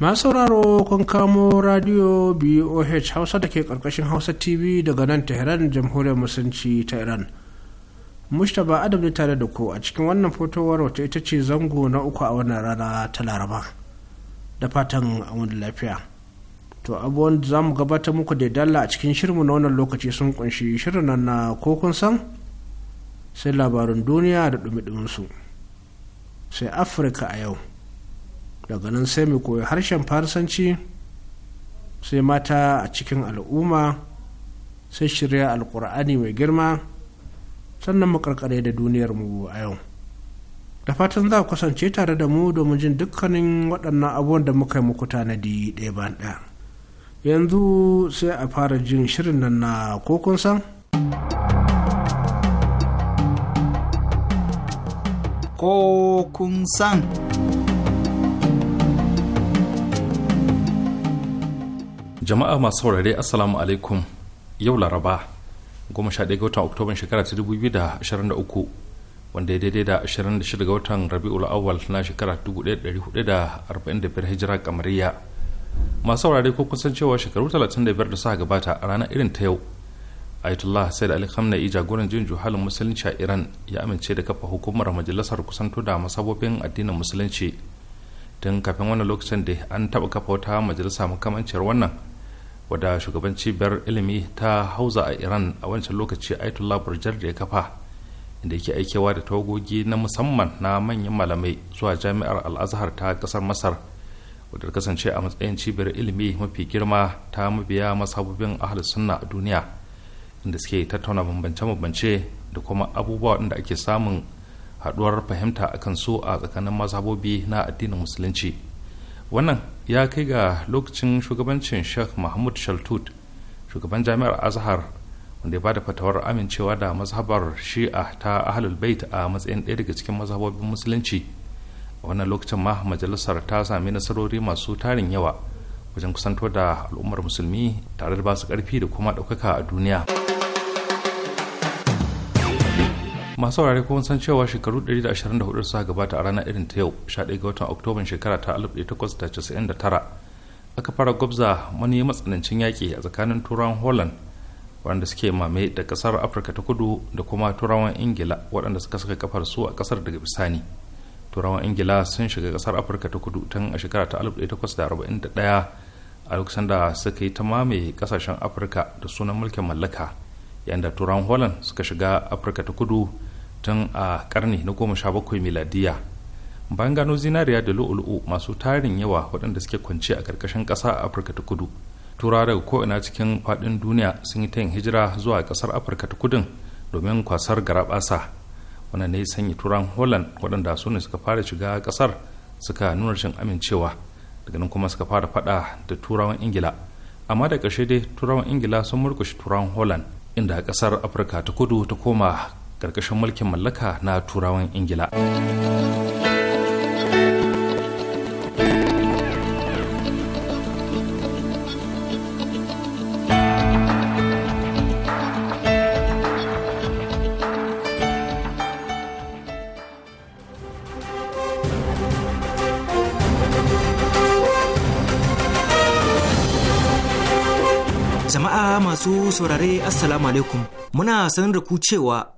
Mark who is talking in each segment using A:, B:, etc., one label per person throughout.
A: masu sauraro kun kamo radio boh hausa da ke karkashin hausa tv daga nan tehran jamhuriyar musulunci ta iran mustapha adam ne tare da ku a cikin wannan fotowar wata ita ce zango na uku a wannan rana ta laraba da fatan wani lafiya to abubuwan da za mu gabatar muku da dalla a cikin shirinmu na wannan lokaci sun kunshi shirin nan na ko kun san sai labarin duniya da dumi su sai afirka a yau daga nan sai mu koyi harshen farsanci sai mata a cikin al'umma sai shirya alkur'ani mai girma sannan mu karkare da duniyar mu a yau da fatan za ku kasance tare da mu domin jin dukkanin waɗannan abubuwan da muka yi muku tanadi ɗaya ba ɗaya yanzu sai a fara jin shirin nan na kokon san
B: kokun san
C: jama'a masu saurare assalamu alaikum yau laraba 11 ga watan oktoban shekara 2023 wanda ya daidai da 26 ga watan rabi'ul awwal na shekara 1445 hijira kamariya masu saurare ko kusan cewa shekaru 35 da suka gabata a ranar irin ta yau ayatollah said ali khamenei jagoran jin juhalin musulunci a iran ya amince da kafa hukumar majalisar kusanto da masabobin addinin musulunci tun kafin wannan lokacin da an taɓa kafa wata majalisa makamanciyar wannan wadda shugaban cibiyar ilimi ta hauza a iran a wancan lokaci aitullah burjar da ya kafa inda yake aikewa da tawagogi na musamman na manyan malamai zuwa jami'ar al'azhar ta kasar masar wadda kasance a matsayin cibiyar ilimi mafi girma ta mabiya masababin ahal sunna a duniya inda suke tattauna bambance-bambance da kuma abubuwa da ake samun haɗuwar fahimta akan su a tsakanin masabobi na addinin musulunci wannan ya kai ga lokacin shugabancin sheikh mahmud shaltut shugaban jami'ar azhar wanda ya bada fatawar amincewa da mazhabar shi'a ta ahlul bait a matsayin ɗaya daga cikin mazhabobin musulunci a wannan lokacin ma majalisar ta sami nasarori masu tarin yawa wajen kusanto da al'ummar musulmi tare da basu ƙarfi da kuma ɗaukaka a duniya. masu saurare kuma san cewa shekaru 124 suka gabata a ranar irin ta yau 11 ga watan oktoban shekara ta 1899 aka fara gwabza wani matsanancin yaƙi a tsakanin turawan holland waɗanda suke mame da ƙasar afirka ta kudu da kuma turawan ingila waɗanda suka saka kafar su a ƙasar daga bisani turawan ingila sun shiga ƙasar afirka ta kudu tun a shekara ta 1841 a lokacin da suka yi ta mamaye ƙasashen afirka da sunan mulkin mallaka yayin da turawan holland suka shiga afirka ta kudu tun a karni na goma sha bakwai miladiya bayan gano zinariya da lu'ulu'u masu tarin yawa waɗanda suke kwance a ƙarƙashin ƙasa a afirka ta kudu turawa daga ko'ina cikin faɗin duniya sun yi ta yin hijira zuwa ƙasar afirka ta kudun domin kwasar garaɓasa wanda ne sanya turan holland waɗanda su ne suka fara shiga ƙasar suka nuna rashin amincewa daga nan kuma suka fara faɗa da turawan ingila amma da ƙarshe dai turawan ingila sun murkushe turan holland inda ƙasar afirka ta kudu ta koma Karkashin mulkin mallaka na turawan ingila
D: jama'a masu saurare assalamu alaikum muna sanar da ku cewa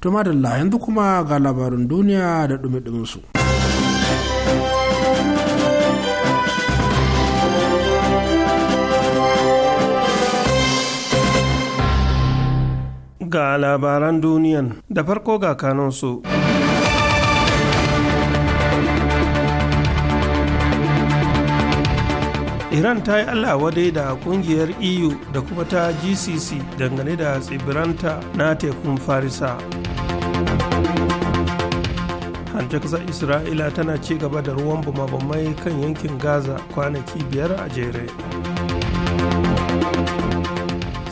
A: To madalla yanzu kuma ga labarin duniya da dumi su.
B: Ga labaran duniyan da farko ga kanunsu. Iran ta yi dai da kungiyar EU da kuma ta GCC dangane da tsibiranta na tekun Farisa. hakan ta ƙasar isra'ila tana ci gaba da ruwan bumabumai kan yankin gaza kwanaki biyar a jere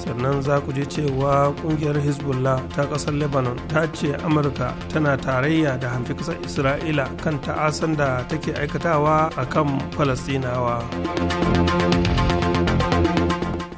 B: sannan za ku je cewa kungiyar hezbollah ta ƙasar lebanon ta ce amurka tana tarayya da hamfi ƙasar isra'ila kan ta'asan da take aikatawa a kan falastinawa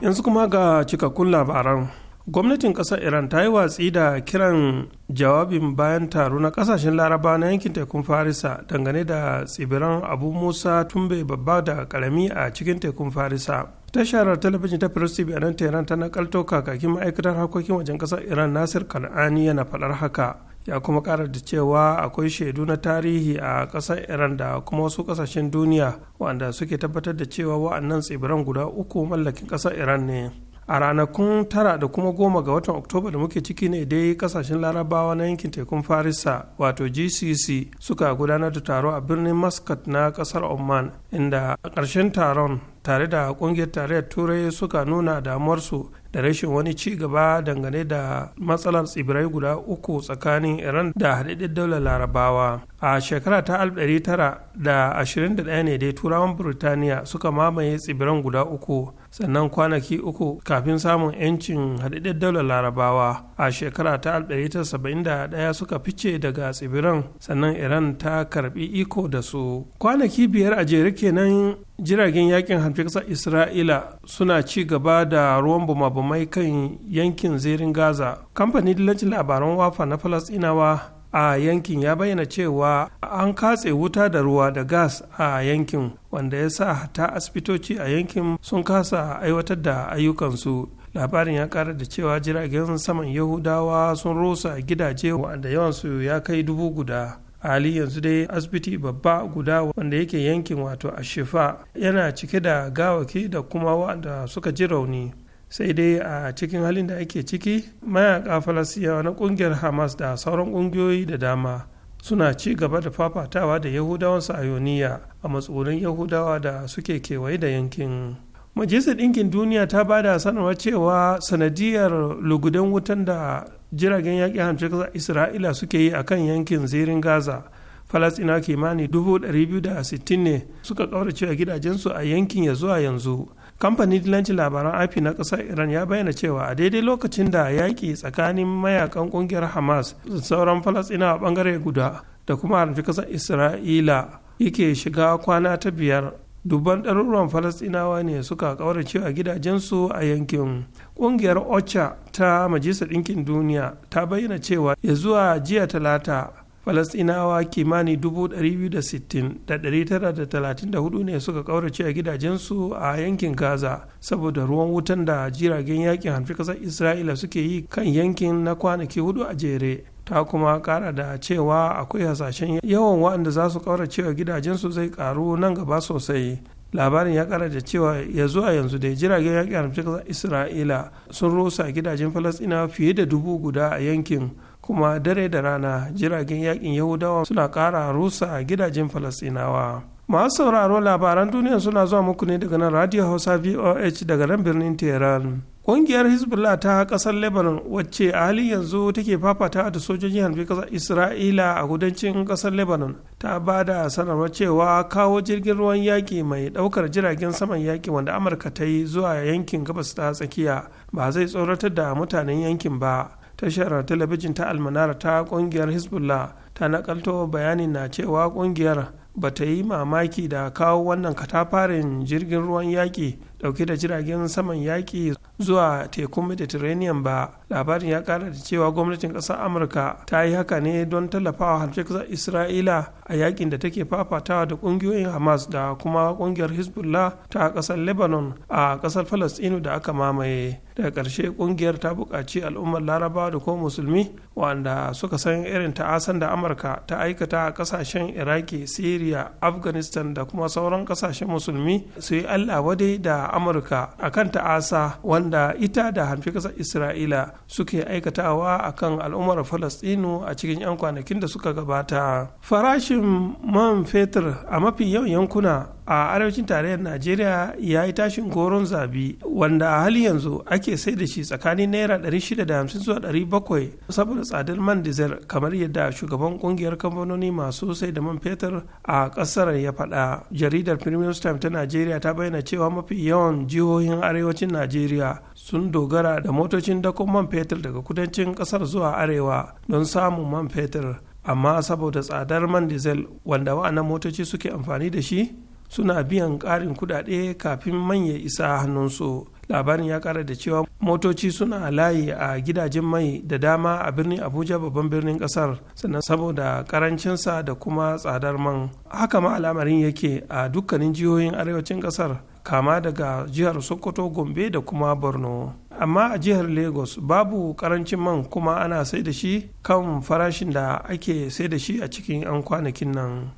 B: yanzu kuma ga cikakkun labaran gwamnatin ƙasar iran ta yi watsi da kiran jawabin bayan taro na kasashen laraba na yankin tekun farisa dangane da tsibiran abu musa tumbe babba da karami a cikin tekun farisa tashar talabijin ta firis a nan tehran ta nakalto kakakin ma'aikatar harkokin wajen ƙasar iran nasir kan'ani yana faɗar haka ya kuma kara da cewa akwai shaidu na tarihi a ƙasar iran da kuma wasu ƙasashen duniya wanda suke tabbatar da cewa wa'annan tsibiran guda uku mallakin ƙasar iran ne a ranakun tara da kuma goma ga watan oktoba da muke ciki ne dai kasashen larabawa na yankin tekun farisa wato gcc suka gudanar da taro a birnin muscat na kasar oman inda a ƙarshen taron tare da ƙungiyar tarayyar turai suka nuna damuwarsu da rashin wani ci gaba dangane da matsalar tsibirai guda uku tsakanin iran da haɗaɗɗen daular larabawa a shekara ta 1921 ne dai turawan burtaniya suka mamaye tsibiran guda uku sannan kwanaki uku kafin samun 'yancin haɗaɗɗen daular larabawa a shekara ta 1971 suka fice daga tsibiran sannan iran ta karbi iko da su kwanaki biyar a jere kenan jiragen yakin kasa isra'ila suna ci gaba da ruwan bumabumai kan yankin zirin gaza kamfanin labaran wafa na falasɗinawa a yankin ya bayyana cewa an katse wuta da ruwa da gas a yankin wanda ya sa hata asibitoci a yankin sun kasa aiwatar da ayyukansu labarin ya kara da cewa jiragen saman yahudawa sun rusa gidaje wanda yawansu ya kai dubu guda hali yanzu dai asibiti babba guda wanda yake yankin wato a shifa yana cike da gawaki da kuma wanda suka ji rauni sai dai a cikin halin da ake ciki mayaka falasiyawa na kungiyar hamas da sauran kungiyoyi da dama suna ci gaba da fafatawa da yahudawan sayoniya a matsugunan yahudawa da suke kewaye da yankin majalisar ɗinkin duniya ta ba da sanarwa cewa sanadiyar lugudan wutan da jiragen yaƙi hamshe isra'ila suke yi a kan yankin zirin gaza falasina kimanin 260 ne suka ƙaurace a gidajensu a yankin ya zuwa yanzu kamfanin dilancin labaran ip na ƙasar iran ya bayyana cewa a daidai lokacin da yaƙi tsakanin mayakan ƙungiyar hamas da sauran falastinawa ɓangare guda da kuma harfi ƙasar isra'ila yake shiga kwana ta biyar dubban ɗaruruwan falasɗinawa ne suka ƙaurace cewa gidajensu a yankin ƙungiyar ocha ta majalisar ɗinkin duniya ta bayyana cewa ya zuwa jiya talata falastinawa kimani 260,934 ne suka kaurace a gidajensu a yankin gaza saboda ruwan wutan da jiragen yakin hanfi kasar isra'ila suke yi kan yankin na kwanaki hudu a jere ta kuma kara da cewa akwai hasashen yawan waɗanda za su kaurace a gidajensu zai karu nan gaba sosai labarin ya kara da cewa ya zuwa yanzu da jiragen yakin hanfi kasar isra'ila sun rusa gidajen falastinawa fiye da dubu guda a yankin kuma dare da rana jiragen yakin yahudawa suna ƙara rusa a gidajen falasinawa masu sauraro labaran duniya suna zuwa muku ne daga nan radio hausa voh daga nan birnin tehran ƙungiyar hezbollah ta ƙasar lebanon wacce a halin yanzu take fafata da sojojin harbi kasar isra'ila a kudancin ƙasar lebanon ta ba da sanarwar cewa kawo jirgin ruwan yaƙi mai ɗaukar jiragen saman yaƙi wanda amurka ta yi zuwa yankin gabas ta tsakiya ba zai tsoratar da mutanen yankin ba tashar talabijin ta almanara ta kungiyar hezbollah ta nakalto bayani na cewa kungiyar ba ta yi mamaki da kawo wannan katafarin jirgin ruwan yaƙi dauke da jiragen saman yaƙi zuwa tekun mediterranean ba labarin ya kara da cewa gwamnatin ƙasar amurka ta yi haka ne don tallafawa kasar isra'ila a yakin da take fafatawa da ƙungiyoyin hamas da kuma ƙungiyar hezbollah ta ƙasar lebanon a ƙasar falastinu da aka mamaye daga ƙarshe ƙungiyar ta buƙaci al'ummar larabawa da ko musulmi wanda suka san irin ta'asan da amurka ta aikata a ƙasashen iraki syria afghanistan da kuma sauran ƙasashen musulmi su yi allah wadai da amurka akan ta'asa wanda ita da hanfi ƙasar isra'ila suke aikatawa a kan al'ummar falastinu a cikin 'yan kwanakin da suka gabata farashin man fetur a mafi yawan yankuna a arewacin tarayyar najeriya ya yi tashin goron zabi wanda a hali yanzu ake sai da shi tsakanin naira 650 zuwa 700 saboda tsadar man dizel kamar yadda shugaban kungiyar kamfanoni masu sai da man fetur a kasar ya faɗa jaridar premium time ta najeriya ta bayyana cewa mafi yawan jihohin arewacin najeriya sun dogara da motocin dakon man fetur daga kudancin kasar zuwa arewa don samun man fetur amma saboda tsadar man diesel wanda wa'annan motoci suke amfani da shi suna biyan karin kudade kafin man ya isa hannunsu labarin ya kara da cewa motoci suna layi a gidajen mai da dama a birnin abuja babban birnin kasar sannan saboda karancinsa da kuma tsadar man haka ma al'amarin yake a dukkanin jihohin arewacin kasar kama daga jihar sokoto gombe da kuma borno amma a jihar lagos babu karancin man kuma ana sai da shi kan farashin da ake sai da shi a cikin 'yan kwanakin nan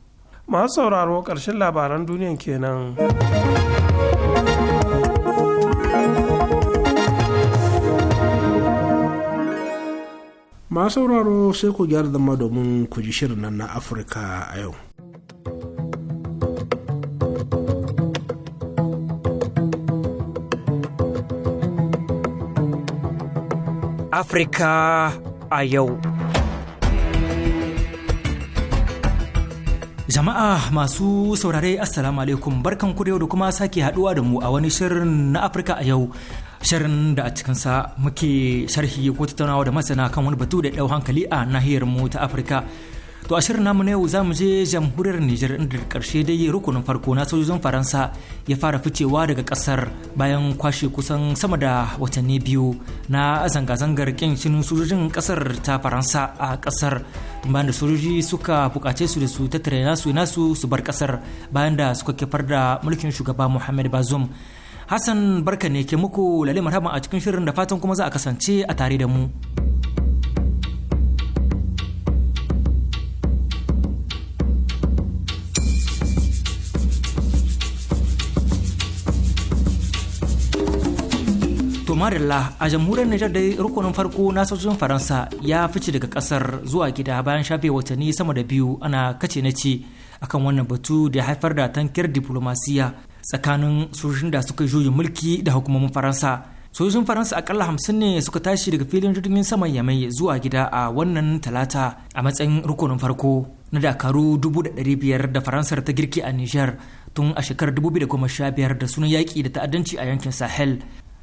B: masu sauraro ƙarshen labaran duniyan kenan
A: masu sauraro sai ku gyara zama domin ku ji shirin nan na afirka a yau
D: Afirka a yau. Jama'a masu saurare Assalamu alaikum barkan ku da yau da kuma sake haduwa da mu a wani shirin na Afirka a yau. Shirin da a cikinsa muke sharhi ko tattaunawa da masana kan wani batu da ɗau hankali a nahiyar mu ta Afirka. To a shirin namu na yau zamu je jamhuriyar Nijar inda da karshe dai rukunin farko na sojojin Faransa ya fara ficewa daga kasar bayan kwashe kusan sama da watanni biyu na zanga-zangar kin shinin sojojin kasar ta Faransa a kasar bayan da sojoji suka bukace su da su tattare nasu nasu su bar kasar bayan da suka kifar da mulkin shugaba Muhammad Bazoum Hassan barka ne ke muku lalle marhaban a cikin shirin da fatan kuma za a kasance a tare da mu. Somalia a jamhuriyar Nijar dai rukunin farko na sojojin Faransa ya fice daga kasar zuwa gida bayan shafe watanni sama da biyu ana kace na ce akan wannan batu da haifar da tankiyar diplomasiya tsakanin sojojin da suka juyi mulki da hukumomin Faransa. Sojojin Faransa akalla hamsin ne suka tashi daga filin jirgin saman Yamai zuwa gida a wannan talata a matsayin rukunin farko na dakaru dubu da biyar da Faransar ta girki a Nijar tun a shekarar 2015 da sunan yaƙi da ta'addanci a yankin Sahel.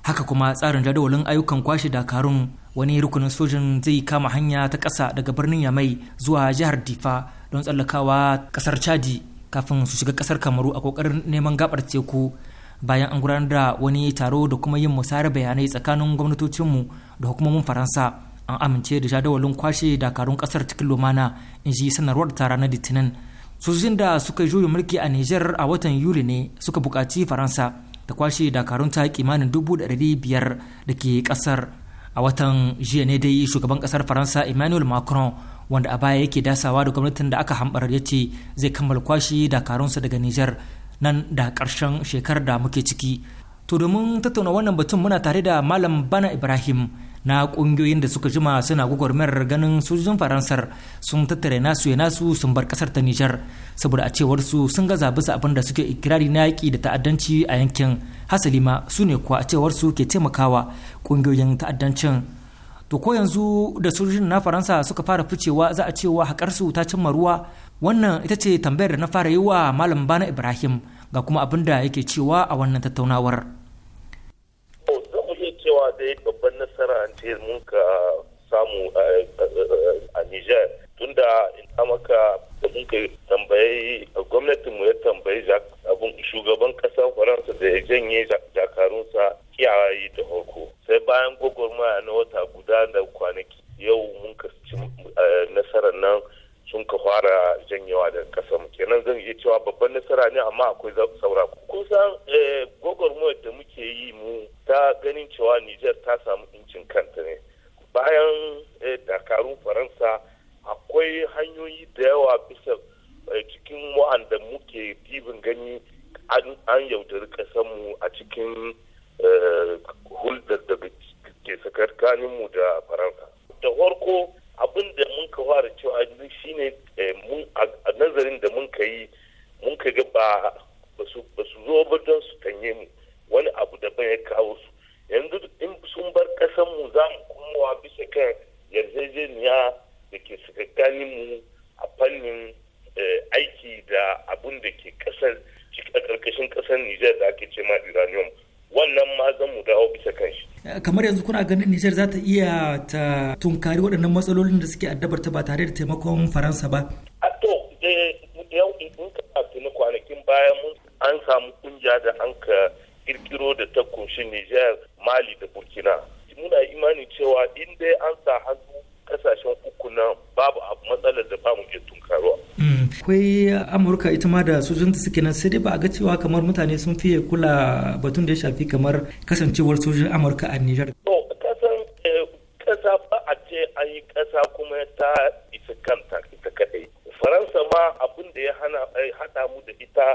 D: haka kuma tsarin jadawalin ayyukan kwashe dakarun wani rukunin sojin zai kama hanya ta ƙasa daga birnin yamai zuwa jihar difa don tsallakawa ƙasar chadi kafin su shiga ƙasar kamaru a ƙoƙarin neman gabar teku bayan an gudanar da wani taro da kuma yin musayar bayanai tsakanin gwamnatocinmu da hukumomin faransa an amince da jadawalin kwashe dakarun kasar cikin lumana in ji sanarwar tara na litinin sojojin da suka yi mulki a nijar a watan yuli ne suka buƙaci faransa ta kwashe dakarun ta kimanin dubu da biyar da ke kasar a watan jiya ne dai shugaban kasar faransa emmanuel macron wanda a baya yake dasawa da gwamnatin da aka hambar ya ce zai kammala kwashe dakarunsa daga niger nan da karshen shekarar da muke ciki to domin tattauna wannan batun muna tare da malam bana ibrahim na kungiyoyin da suka jima suna gwagwarmayar ganin sojojin faransar sun tattare nasu ya nasu sun bar kasar ta nijar saboda a cewar su sun gaza bisa abin da suke ikirari na yaƙi da ta'addanci a yankin hasali ma su ne kuwa a cewar su ke taimakawa kungiyoyin ta'addancin to ko yanzu da sojojin na faransa suka fara ficewa za a cewa haƙar su ta cimma ruwa wannan ita ce tambayar da na fara yi wa malam bana ibrahim ga kuma abin da yake cewa a wannan tattaunawar
E: yawa dai babban nasara ce mun ka samu a Nijar tunda in maka da mun ka tambayi mu ya tambayi abun shugaban ƙasar Faransa da ya janye jakarunsa kiyaye da farko sai bayan gwagwarmaya na wata guda da kwanaki yau mun ka ci nasarar nan sun ka fara janyewa da kasar kenan zan iya cewa babban nasara ne amma akwai saura kusan eh, gwagwarmayar da muke yi mu ta ganin cewa Nijar ta samu incin kanta ne bayan eh, dakarun faransa akwai hanyoyi da yawa bisa eh, cikin wa'anda muke dibin gani an yaudari mu a cikin hulɗar da ke mu da faransa da farko abin da mun ka fara cewa shi ne eh, a nazarin da mun ka yi mun ka ga ba ba su zo ba don su tanye mu wani abu da ya kawo su yanzu in sun bar kasan mu za mu komowa bisa kan yarjejeniya da ke gani mu a fannin eh, aiki da abun da ke kasar a ƙarƙashin ƙasar Nijar da ake ce ma uranium wannan ma zan mu dawo bisa kan shi.
D: Eh, kamar yanzu kuna ganin nijar za ta iya ta tunkari waɗannan matsalolin da suke addabar ta ba tare da taimakon faransa ba. a
E: to yau in ka tuni kwanakin baya mun an samu kunja da an ka kirkiro da ta kunshi nijar mali da burkina muna imani cewa in dai an sa hannu kasashen uku na babu matsalar da bamu ke tunkaruwa.
F: Mm.
D: akwai amurka ita ma da sojojinta suke nan sai dai ba a ga cewa kamar mutane sun fiye kula batun da ya shafi kamar kasancewar sojojin amurka a nijar.
E: kasan eh, kasa ba a ce an yi kasa kuma ta isa kanta ita kadai faransa ma abin da ya hana eh, mu da ita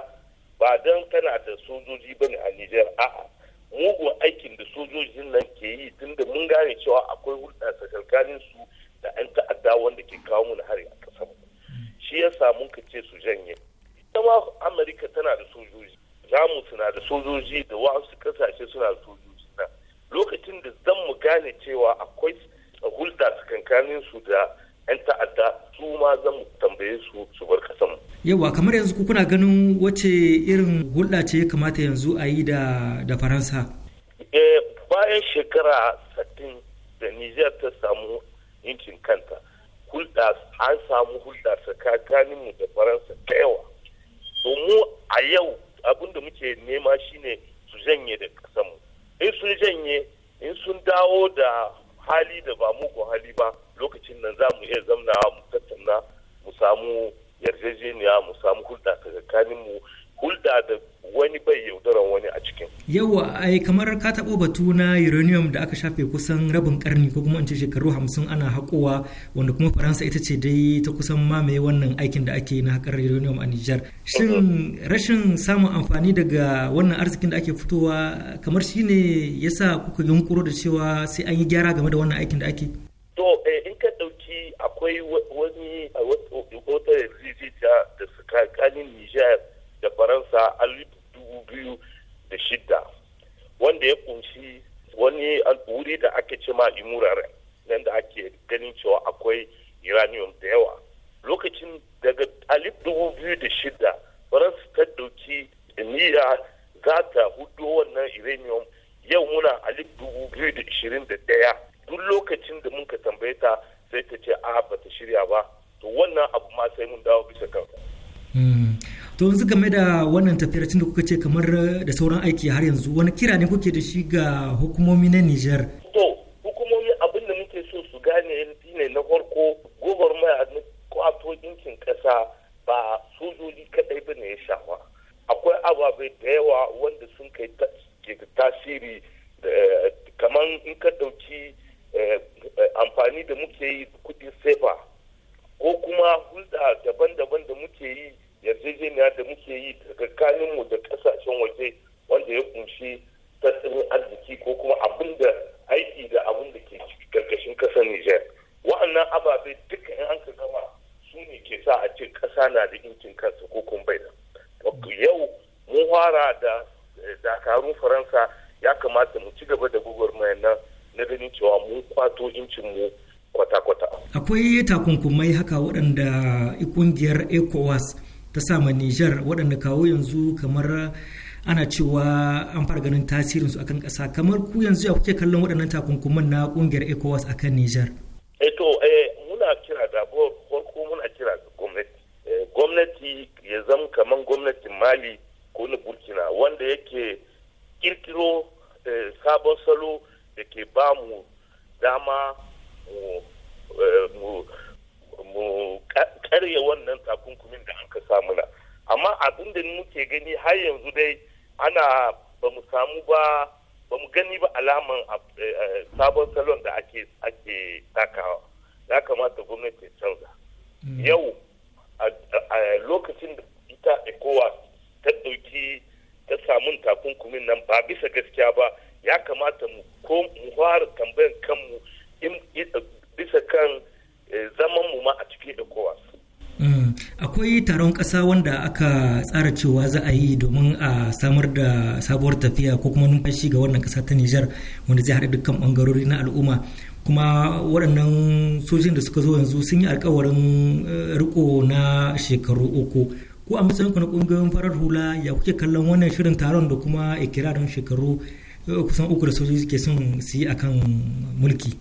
E: ba don tana da sojoji ba ne a Nijar a'a mugun aikin da sojojin nan ke yi tunda mun gane cewa akwai hulɗa tsakankanin su da 'yan ta'adda wanda ke kawo mun hari a ƙasar shi ya samu ka ce su janye ita ma amurka tana da sojoji jamus na da sojoji da wasu kasashe suna da sojoji na lokacin da zan mu gane cewa akwai hulɗa tsakankanin su da 'yan ta'adda su ma zan mu tambaye su su bar kasanmu.
D: Yawa kamar yanzu ku kuna ganin wace irin hulɗa ce ya kamata yanzu a yi da, da Faransa?
E: Eh, bayan shekara 60 da Niger ta samu incin kanta hulɗa an samu hulɗa tsakaninmu da faransa da yawa mu a yau abin da muke nema shine su janye da kasanmu in sun janye in sun dawo da hali da ba muku hali ba lokacin nan za mu iya zamna mu tattauna mu samu yarjejeniya mu samu hulɗa tsakaninmu hulɗa da wani bai yaudaran wani a cikin. Yawa
D: ai kamar ka taɓo batu na uranium da aka shafe kusan rabin karni ko kuma in ce shekaru hamsin ana haƙowa wanda kuma Faransa ita ce dai ta kusan mamaye wannan aikin da ake na haƙar uranium a Nijar. Shin mhm. rashin samun amfani daga wannan arzikin da ake fitowa kamar shi ne ya sa kuka yunƙuro da cewa sai an yi gyara game da wannan aikin da ake?
E: To eh, in ka ɗauki akwai wani wata yarjejiya da tsakanin Nijar da faransa a dubu biyu da shida wanda ya kunshi wani wuri da ake ce ma imurare nan da ake ganin cewa akwai uranium da yawa lokacin daga alif dubu biyu da shida faransa ta dauki niyya za ta hudu wannan uranium yau muna alif dubu biyu da ishirin da daya duk lokacin da muka tambaye ta sai ta ce a ba ta shirya ba to wannan abu ma sai mun dawo bisa kanka.
D: Hmm. to yanzu game da wannan tafiyar da kuka ce kamar da sauran aiki har yanzu wani kira ne kuke da shi ga hukumomi na Nijar?
E: To hukumomi abin da muke so su gane ne na farko gobar a kwato ɗinkin ƙasa ba sojoji kaɗai ba ne ya shafa. Akwai ababe da yawa wanda sun kai tasiri kamar in ka ɗauki eh, eh, amfani da muke yi kuɗin sefa ko kuma hulɗa daban-daban da muke yi yarjejeniya da muke yi tsakaninmu da kasashen waje wanda ya kunshi tattalin arziki ko kuma abin da aiki da abin da ke karkashin kasar Nijar. Wa'annan ababe duka in an ka gama su ne ke sa a ce ƙasa na da inkin kansa ko kuma bai da Yau mu fara da eh, dakarun Faransa ya kamata mu ci gaba da gwagwarmayar nan na ganin cewa mu kwato mu
D: kwata-kwata. Akwai takunkumai haka waɗanda ƙungiyar ECOWAS ta sama Nijar waɗanda kawo yanzu kamar ana cewa an fara ganin tasirinsu akan ƙasa kamar ku yanzu ya kuke kallon waɗannan takunkuman na ƙungiyar ECOWAS akan
E: Nijar. Maranguá,
D: ƙasa wanda aka tsara cewa za a yi domin a samar da sabuwar tafiya ko kuma numfashi ga wannan ƙasa ta Nijar wanda zai haɗa dukkan ɓangarori na al'umma kuma waɗannan sojin da suka zo yanzu sun yi alkawarin eh, riko na shekaru uku ko a matsayinku na ƙungiyoyin farar hula ya kuke kallon wannan shirin taron da kuma ikirarin shekaru eh, kusan uku da sojoji ke son su yi akan mulki.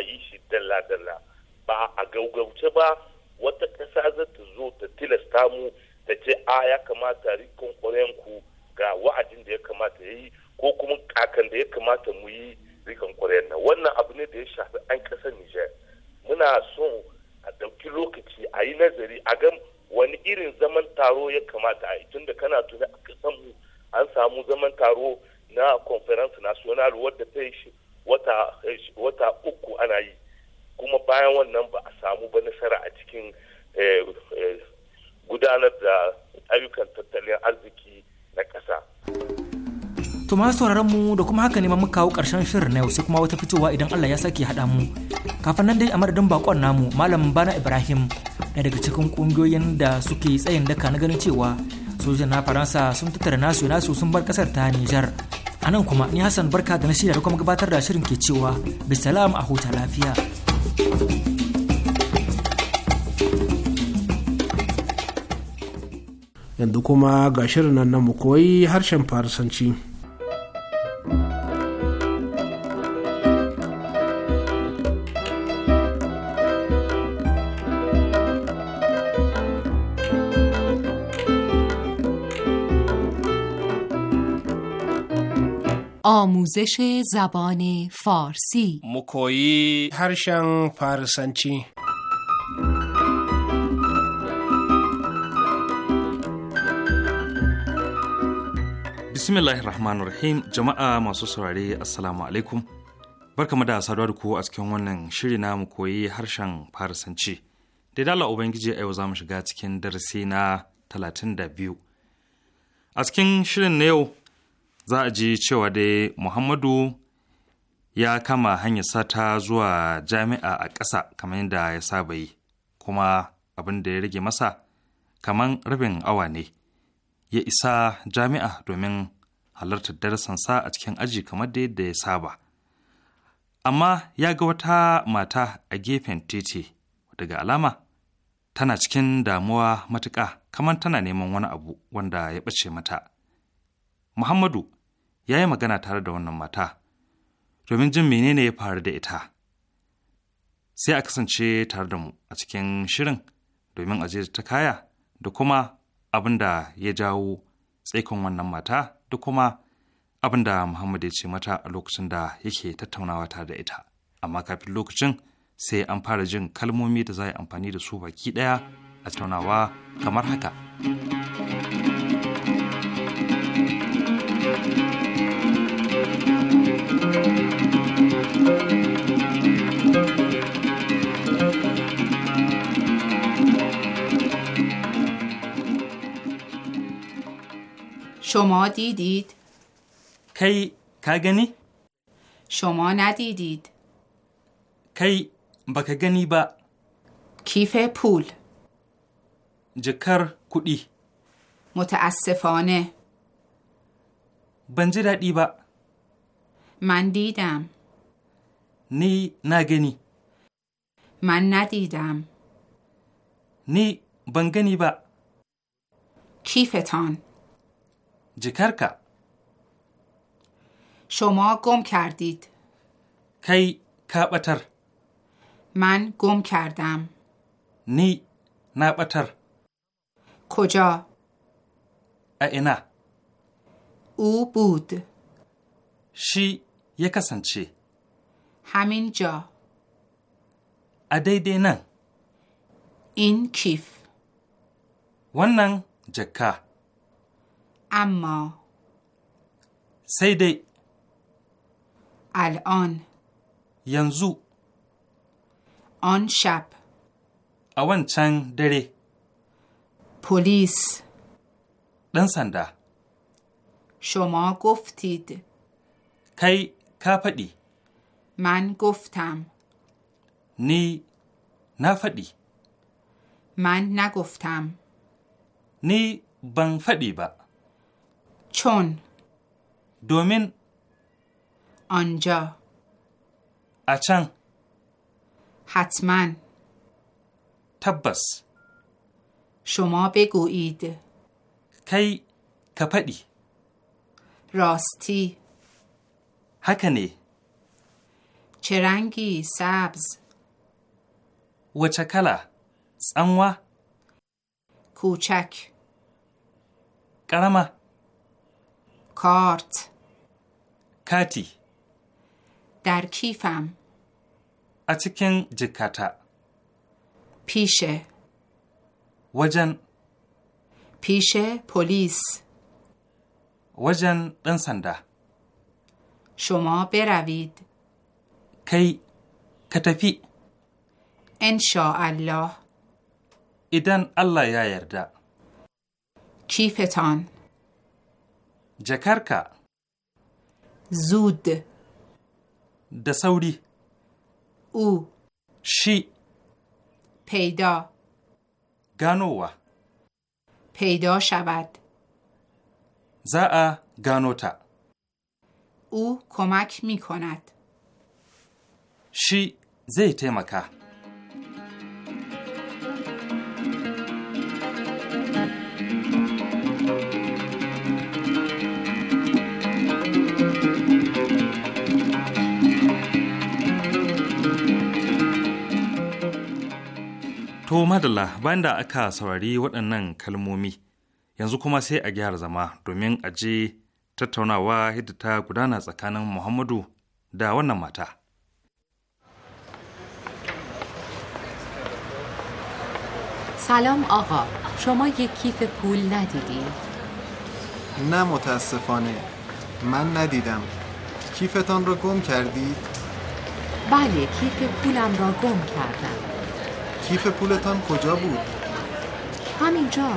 E: a yi shi dalla-dalla ba a gaugauce ba wata ƙasa za ta zo ta tilasta mu ta ce a ya kamata rikon ku ga wa'adin da ya kamata ya yi ko kuma kakan da ya kamata mu yi rikon ƙwaren nan wannan abu ne da ya shafi an ƙasar Nijar muna so a ɗauki lokaci a yi nazari a gan wani irin zaman taro ya kamata a yi tun da kana tuni a ƙasar mu an samu zaman taro na conference national wadda ta yi wata uku ana yi kuma bayan wannan ba a samu ba nasara a cikin eh, eh, gudanar da ayyukan tattalin arziki na ƙasa.
D: To ma sauraron mu da kuma haka ne mu kawo ƙarshen shirin na yau sai kuma wata fitowa idan Allah ya sake haɗa mu. Kafin nan dai a madadin bakon namu Malam Bana Ibrahim na daga cikin ƙungiyoyin da suke tsayin daka na ganin cewa sojin na faransa sun tattara nasu nasu sun bar kasar ta nijar a nan kuma ni hassan barka da na da kuma gabatar da shirin ke cewa bisalam a huta lafiya
A: yanzu kuma ga shirin nan na mu koyi harshen farsanci
G: آموزش زبان فارسی
A: مکویی هرشن فارسنچی
C: bismillahir rahmanir rahim jama'a masu saurare assalamu alaikum barkamu da saduwa da ku a cikin wannan shiri na mu koyi harshen farisanci da dala ubangiji a yau za mu shiga cikin darasi na 32 a cikin shirin na yau za a ji cewa dai Muhammadu ya kama hanyar sata zuwa jami'a a ƙasa kamar yadda ya saba yi, kuma abin da ya rage masa kamar rabin awa ne. Ya isa jami'a domin halartar darasansa a cikin aji kamar da ya saba. Amma ya ga wata mata a gefen titi daga alama tana cikin damuwa matuƙa kamar tana neman wani abu wanda ya ɓace mata. Muhammadu ya yi magana tare da wannan mata domin jin menene ya faru da ita sai a kasance tare da mu a cikin shirin domin ajiyar ta kaya da kuma abin da ya jawo tsaikon wannan mata da kuma abin da Muhammad ya ce mata a lokacin da yake tattaunawa tare da ita. Amma kafin lokacin sai an fara jin kalmomi da za a yi amfani da su baki ɗaya a tattaunawa kamar haka.
H: شما دیدید؟ کی کاگنی؟ شما ندیدید کی بکا گنی با کیف پول
C: جکر کودی
H: متاسفانه
C: بنجی دادی با
H: من دیدم
C: نی نگنی
H: من ندیدم
C: نی بنگنی با
H: کیفتان Jikarka? Shomo gonki ardi. Kai ka patar? Man gonki ardam.
C: Ni na patar. Ku A ina.
H: U bud. Shi ya kasance. Haminja. A daidai nan? In kif.
C: Wannan jakka.
H: اما sai dai al'on yanzu on shap a wancan dare polis ɗan sanda shoma goftid kai ka faɗi man goftam
C: ni na faɗi
H: man na goftam
C: ni ban faɗi ba چون دومین
H: آنجا اچن حتما تبس شما بگویید کی کپدی راستی هکنی چه رنگی سبز وچه کلا کوچک قرمه کارت کاتی در کیفم اتکن جکتا پیشه وجن پیش پلیس وجن دنسنده شما بروید کی کتفی ان الله
C: اذن الله یا
H: کیفتان. جکرکا زود د او شی پیدا گانووا پیدا شود زا گانوتا او کمک می کند
C: شی زی تیمکه To madalla bayan da aka saurari waɗannan kalmomi yanzu kuma sai a gyara zama domin a je tattaunawa yadda ta gudana tsakanin Muhammadu da wannan mata.
G: سلام آقا شما یک کیف پول ندیدید؟
I: نه متاسفانه من ندیدم کیفتان را گم کردید؟
G: بله کیف پولم را گم کردم
I: کیف پولتان کجا بود؟
G: همینجا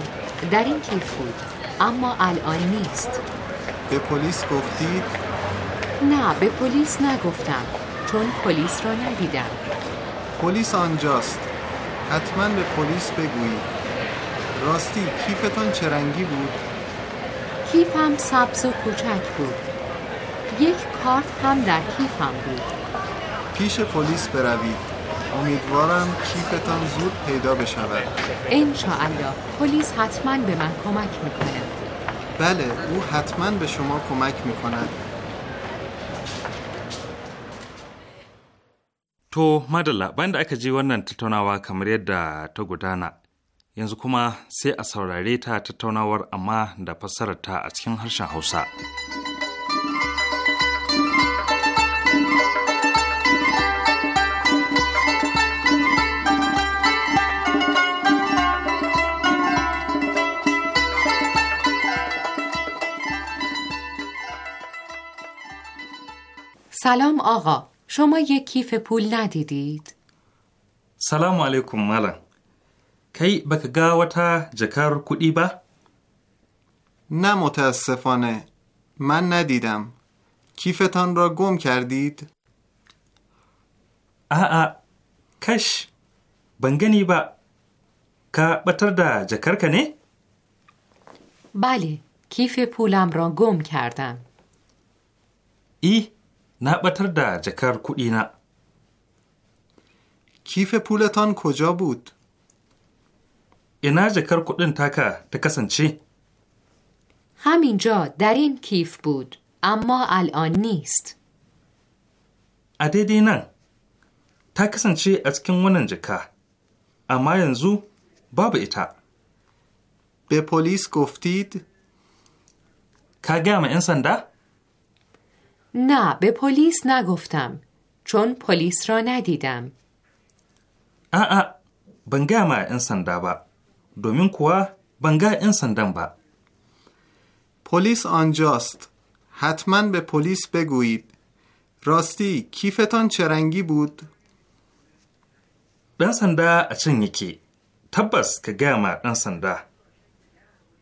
G: در این کیف بود اما الان نیست
I: به پلیس گفتید؟
G: نه به پلیس نگفتم چون پلیس را ندیدم
I: پلیس آنجاست حتما به پلیس بگویید راستی کیفتان چه رنگی بود؟
G: کیفم سبز و کوچک بود یک کارت هم در کیفم بود
I: پیش پلیس بروید امیدوارم کیفتان زود پیدا بشود انشاءالله
G: پلیس حتما به من کمک میکند
I: بله او حتما به شما کمک میکند
C: To madalla bayan da aka ji wannan tattaunawa kamar yadda ta gudana yanzu kuma sai a saurare ta tattaunawar amma da fassararta a cikin harshen Hausa.
G: سلام آقا شما یک کیف پول ندیدید؟
C: سلام علیکم مالا کی بک گاوتا جکر جکار کودی با؟ نه متاسفانه
I: من ندیدم کیفتان را گم کردید؟
C: آ کش بنگنی با که بتر دا جکر کنه؟
G: بله کیف پولم را گم کردم
C: ای na batar da jakar kuɗina. کیف پولتان کجا بود؟ اینا جکر کدن تاکا تکسن چی؟
G: همینجا در این کیف بود اما الان نیست
C: عدیدی نه تکسن چی از کن ونن جکا اما ینزو باب ایتا به پلیس گفتید؟ کاگه اما انسان ده؟
G: نه به پلیس نگفتم چون پلیس را ندیدم
C: آ ban gama 'yan sanda ba, domin kuwa ban ga 'yan sandan ba. پلیس
I: آنجاست. حتما به پلیس بگویید. راستی کیفتان چه رنگی
C: بود؟ ɗan sanda a can yake, tabbas ka gama ma ɗan sanda.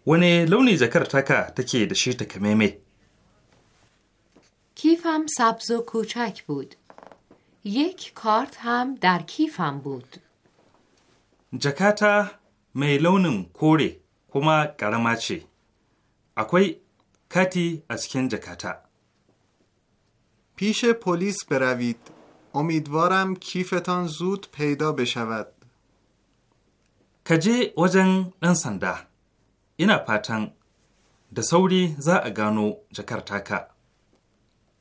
C: Wane launi jakar taka take da shi takamaimai?
G: کیفم سبز و کوچک بود. یک کارت هم در کیفم بود.
C: جکاتا mai launin kore kuma ƙarama ce, akwai kati a cikin jakata. پیش پلیس بروید.
I: امیدوارم کیفتان زود پیدا بشود. کجه
C: وجن ɗan sanda. Ina fatan da sauri za a gano taka.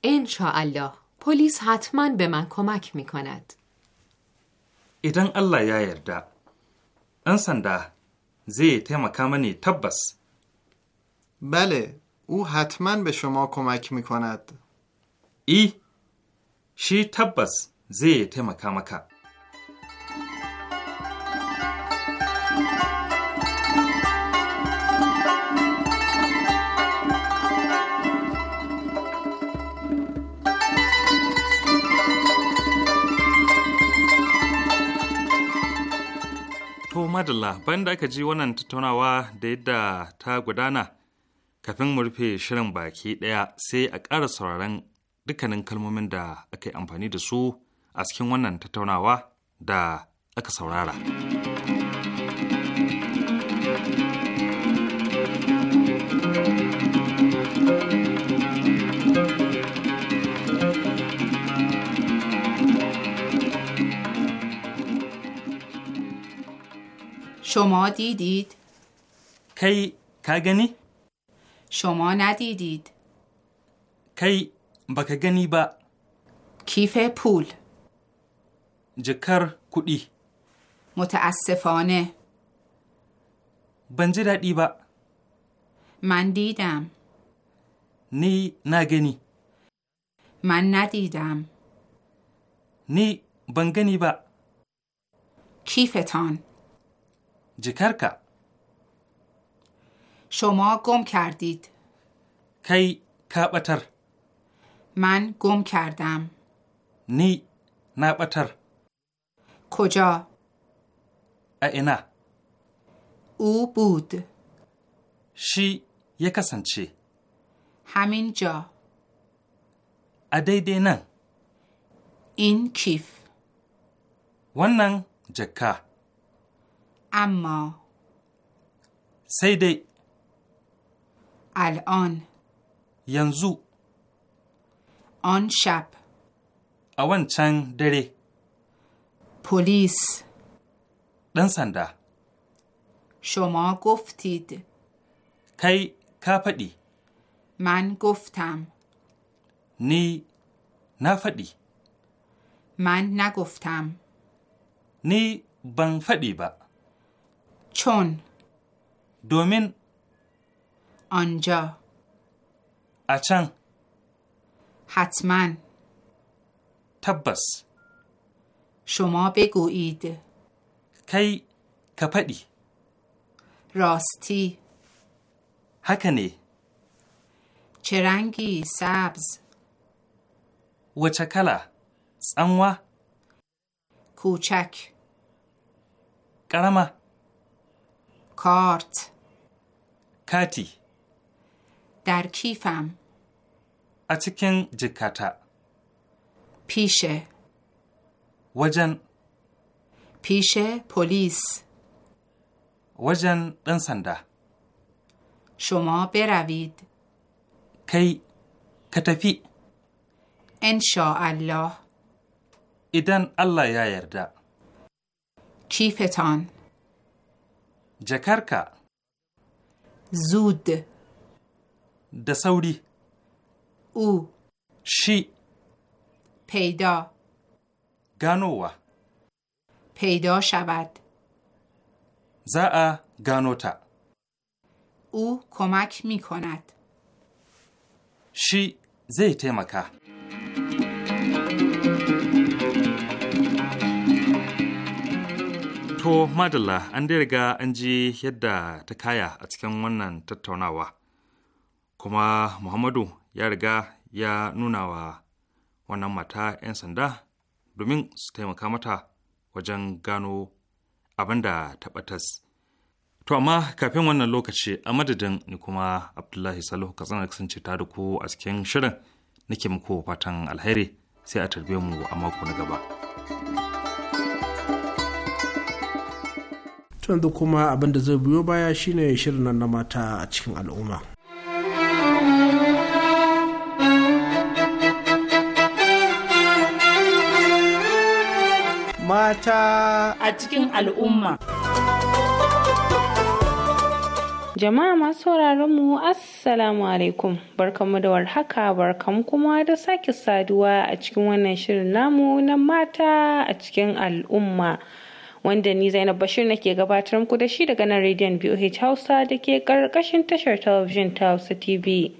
G: انشاءالله پلیس حتما به من کمک می کند.
C: ایدن الله یا یرده ان سنده زی تیمکا منی تبس بله او حتما
I: به شما کمک می کند. ای شی تبس
C: زی تیمکا madalla bayan da aka ji wannan tattaunawa da yadda ta gudana kafin mu rufe shirin baki ɗaya sai a ƙara sauraron dukkanin kalmomin da aka yi amfani da su a cikin wannan tattaunawa da aka saurara.
H: شما دیدید؟ کی کاگنی؟ شما ندیدید کی بکگنی با کیف پول
C: جکر کودی
H: متاسفانه
C: بنجه دادی با
H: من دیدم
C: نی نگنی
H: من ندیدم
C: نی بنگنی با
H: کیفتان Jikarka? Shomo gomki ardi. Kai ka batar? Man gomki ardam.
C: Ni na batar. Kuja. A ina? U bud. Shi ya kasance. Haminja. A daidai nan?
H: Inkif.
C: Wannan jakka.
H: اما سیده الان ینزو آن شب اون چنگ دره پلیس. دنسنده شما گفتید کی کپدی من گفتم
C: نی نفدی
H: من نگفتم
C: نی بنفدی با چون دومین
H: آنجا اچن حتما تبس شما بگویید کی کپدی راستی هکنی چه رنگی سبز وچه کلا کوچک قرمه کارت کاتی در کیفم
C: اچکن جکتا
H: پیشه وجن پیش پلیس وجن دنسنده شما بروید کی کتفی ان الله
C: idan Allah ya yarda.
H: Kifetan
C: جکرکا زود دساوری
H: او شی پیدا گانووا پیدا شود زا گانوتا او کمک می کند
C: شی زی تمکه To Madalla an dai riga an ji yadda ta kaya a cikin wannan tattaunawa, kuma Muhammadu ya riga ya nuna wa wannan mata 'yan sanda domin su taimaka mata wajen gano abin da ta ɓatas. To amma kafin wannan lokaci a madadin ni kuma Abdullahi Salihu Katsina kasance ta da ku a cikin shirin nake muku fatan alheri sai a tarbe mu a mako na gaba.
A: to yanzu kuma abin da zai biyo baya shine shirin nan na mata a cikin al'umma
H: mata a cikin al'umma
J: Jama'a masu sauraron mu Assalamu alaikum barkamu da warhaka barkamu kuma da sake saduwa a cikin wannan shirin namu na mata a cikin al'umma wanda ni Zainab Bashir nake gabatar muku da shi daga nan rediyon BOH Hausa da ke karkashin tashar talabijin ta Hausa TV.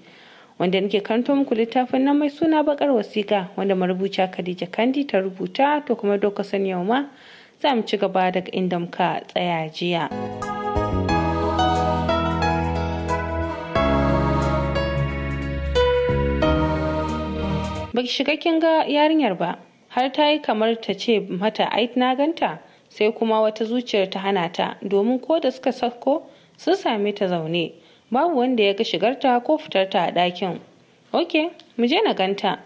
J: Wanda nake karanto muku littafin nan mai suna bakar wasiƙa wanda marubuca Khadija Kandi ta rubuta to kuma doka sani ma za mu ci gaba daga inda muka tsaya jiya. Baki shiga kin ga yarinyar ba har ta yi kamar ta ce mata ait na ganta. sai kuma wata zuciyar ta hana ta domin ko da suka sako sun same ta zaune babu wanda ya ga shigarta ko fitarta a ɗakin ok mu je na ganta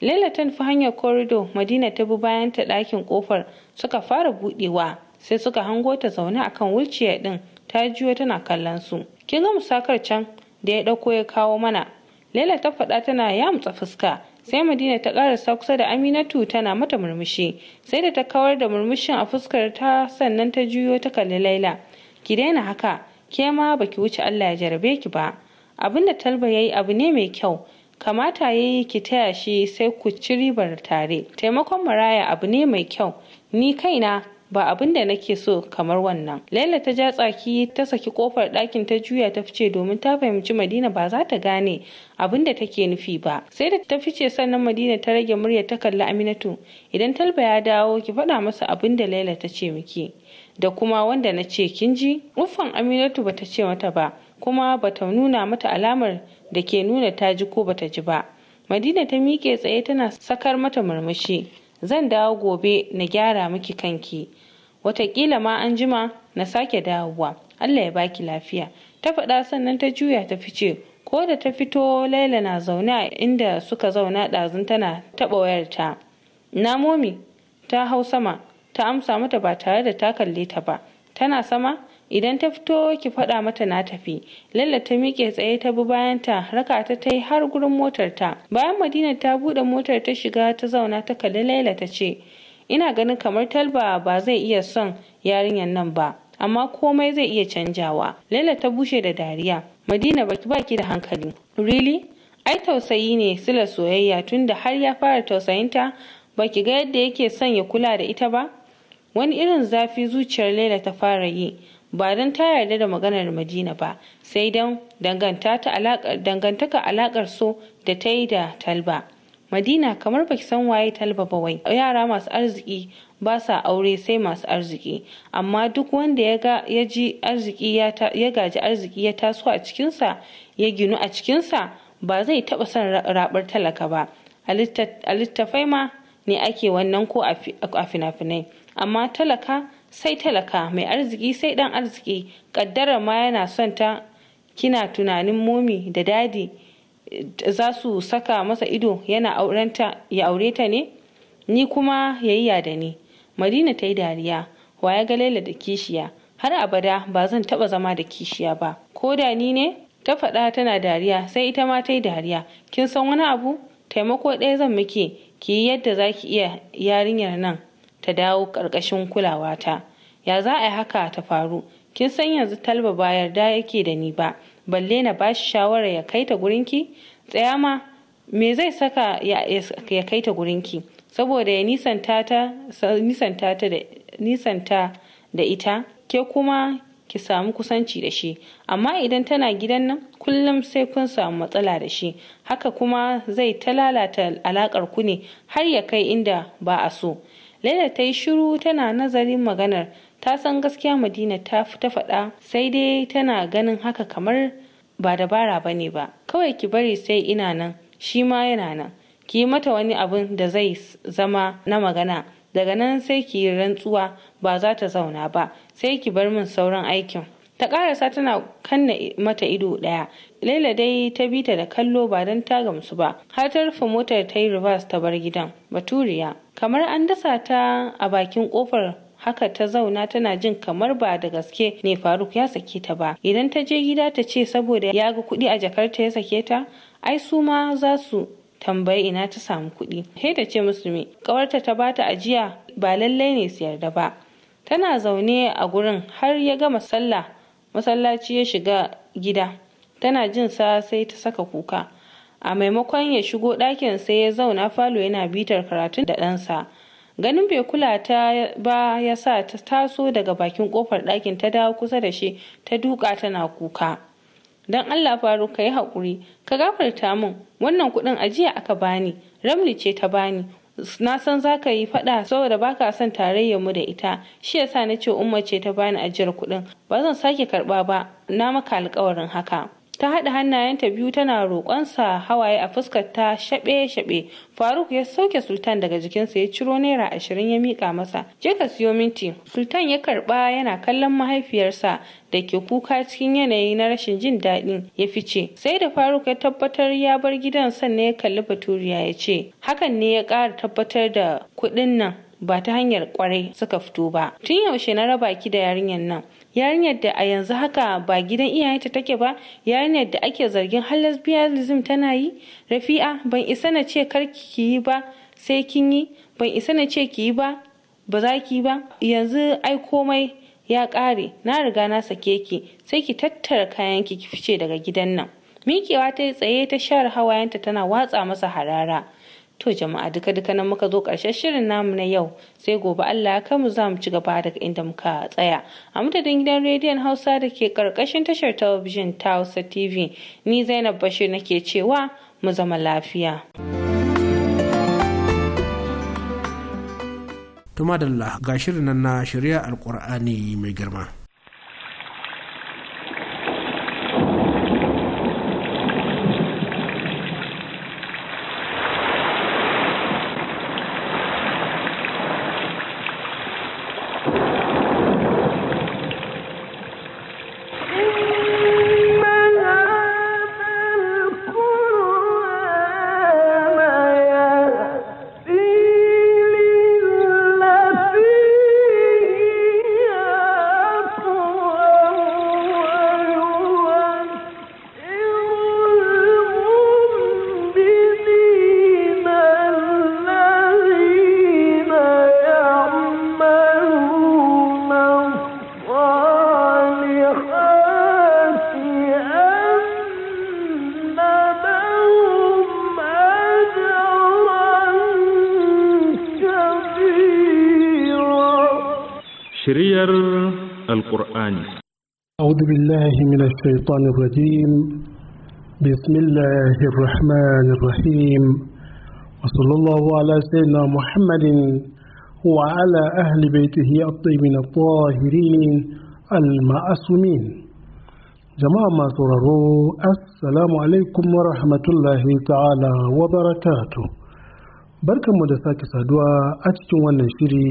J: laila ta nufi hanyar korido madina ta bi bayan ta ɗakin kofar suka fara buɗewa sai suka hango ta zaune a akan wulciya ɗin ta juyo tana kallon su kin ga musakar can da ya ɗauko ya kawo mana laila ta faɗa tana yamtsa fuska sai madina ta ƙarasa kusa da aminatu tana mata murmushi sai da ta kawar da murmushin a fuskar ta sannan ta juyo ta kalli laila ki daina haka ke ma baki wuce allah ya jarabe ki ba da talba ya yi abu ne mai kyau kamata ya yi ki taya shi sai ku ci ribar tare taimakon maraya abu ne mai kyau ni kaina ba abin da nake so kamar wannan laila ta ja tsaki ta saki kofar ɗakin ta juya ta fice domin ta fahimci madina ba za ta gane abin da take nufi ba sai da ta fice sannan madina ta rage murya ta kalli aminatu idan talba ya dawo ki faɗa masa abin da laila ta ce miki da kuma wanda na ce kin ji uffan aminatu ba ta ce mata ba kuma bata nuna mata alamar da ke nuna ta ji ko ba ta ji ba madina ta miƙe tsaye tana sakar mata murmushi zan dawo gobe na gyara miki kanki watakila ma an jima na sake dawowa allah ya baki lafiya ta faɗa sannan ta juya ta fice ko da ta fito laila na zaune a inda suka zauna ɗazun tana taɓa wayarta na momi ta hau sama ta amsa mata ba tare da ta kalle ta ba tana sama idan ta fito ki faɗa mata na tafi lalla ta miƙe tsaye ta bi bayan ta raka ta ta har gurin motar ta bayan madina ta buɗe motar ta shiga ta zauna ta kalli laila ta ce ina ganin kamar talba ba zai iya son yarinyar nan ba amma komai zai iya canjawa laila ta bushe da dariya madina baki baki da hankali really ai tausayi ne sila soyayya tunda har ya fara tausayinta ba ki ga yadda yake son ya kula da ita ba wani irin zafi zuciyar laila ta fara yi ba don ta yarda da maganar madina ba sai don dangantaka alakar so da ta yi da talba madina kamar baki san waye talba ba wai yara masu arziki ba sa aure sai masu arziki amma duk wanda ya ji arziki ya gaji arziki ya taso a cikinsa ya ginu a cikinsa ba zai taba son rabar talaka ba a littafai ma ne ake wannan ko a fina-finai amma talaka sai talaka mai arziki sai dan arziki kaddara ma yana son ta kina tunanin momi da dadi za su saka masa ido yana aurenta ya aure ta ne ni kuma yayya da ni madina ta yi dariya wa ya ga laila da kishiya har abada ba zan taba zama da kishiya ba ko da ni ne ta faɗa tana dariya sai ita ma ta yi dariya kin san wani abu taimako ɗaya zan miki ki yi yadda za ki iya yarinyar nan ta dawo ƙarƙashin ta. ya za a yi haka ta faru kin san yanzu talba ba yarda yake da ni ba balle na ba shi shawara ya kai ta gurinki tsaya ma me zai saka ya, kai ta gurinki saboda ya nisanta ta da nisanta da ita ke kuma ki samu kusanci da shi amma idan tana gidan nan kullum sai kun samu matsala da shi haka kuma zai ta lalata alakar ku ne har ya kai inda ba a so laila ta yi shiru tana nazarin maganar ta san gaskiya madina ta fi ta faɗa sai dai tana ganin haka kamar ba dabara ba ne ba kawai ki bari sai ina nan shi ma yana nan ki yi mata wani abin da zai zama na magana daga nan sai ki yi rantsuwa ba za ta zauna ba sai ki bar min sauran aikin ta ƙarasa tana kanna mata ido ɗaya. laila dai ta bi ta da kallo ba don ta gamsu ba har ta rufe motar ta yi reverse ta bar gidan baturiya kamar an dasa ta a bakin ƙofar. haka ta zauna tana jin kamar ba da gaske ne faruk ya sake ta ba idan ta je gida ta ce saboda ya ga kuɗi a jakarta ya sake ta ai su ma za su tambayi ina ta samu kuɗi sai ta ce musulmi ƙawarta ta ba ta ajiya ba lallai ne su yarda ba tana zaune a gurin har ya gama sallah masallaci ya shiga gida tana jin sa sai ta saka kuka a maimakon ya shigo ɗakin sai ya zauna falo yana bitar karatun da ɗansa ganin bai kula ta ba ya sa ta taso daga bakin kofar ɗakin ta dawo kusa da shi ta duka tana kuka don allah faru ka yi haƙuri ka gafarta min wannan kuɗin ajiya aka bani ramli ce ta bani na san za ka yi faɗa saboda ba ka son tarayyar mu da ita shi yasa na ce umma ce ta bani ajiyar kuɗin ba zan sake karɓa ba na maka alƙawarin haka ta haɗa hannayenta biyu tana roƙonsa hawaye a fuskar ta shaɓe-shaɓe faruk ya sauke sultan daga jikinsa ya ciro naira ashirin ya miƙa masa je ka siyo minti sultan ya karɓa yana kallon mahaifiyarsa da ke kuka cikin yanayi na rashin jin daɗin ya fice sai da faruk ya tabbatar ya bar gidan sannan ya kalli baturiya ya ce hakan ne ya ƙara tabbatar da kuɗin nan ba ta hanyar ƙwarai suka fito ba tun yaushe na raba ki da yarinyar nan yarinyar da a yanzu haka ba gidan iyayenta take ba yarinyar da ake zargin har lesbianism tana yi rafi'a ban isa na ce kar ki yi ba sai kin yi ban isa na ce ki yi ba ba za ki yi ba yanzu ai komai ya kare na riga na sake ki sai ki tattara kayan ki ki fice daga gidan nan miƙewa ta yi tsaye ta share hawayenta tana watsa masa harara To jama'a duka duka nan muka zo ƙarshen shirin namu na yau sai gobe Allah ya mu za mu ci gaba daga inda muka tsaya. A madadin gidan rediyon Hausa da ke ƙarƙashin tashar talabijin ta Hausa TV ni Zainab Bashir nake cewa mu zama lafiya.
A: Tumadalla ga shirin nan na shirya Alƙur'ani mai girma.
C: shiriyar alkur'ani
K: أعوذ بالله من الشيطان الرجيم بسم الله الرحمن الرحيم وصلى الله على سيدنا محمد وعلى أهل بيته الطيبين الطاهرين المعصومين جماعة ما سرروا السلام عليكم ورحمة الله تعالى وبركاته بركة مدساك سادوا أتكم ونشري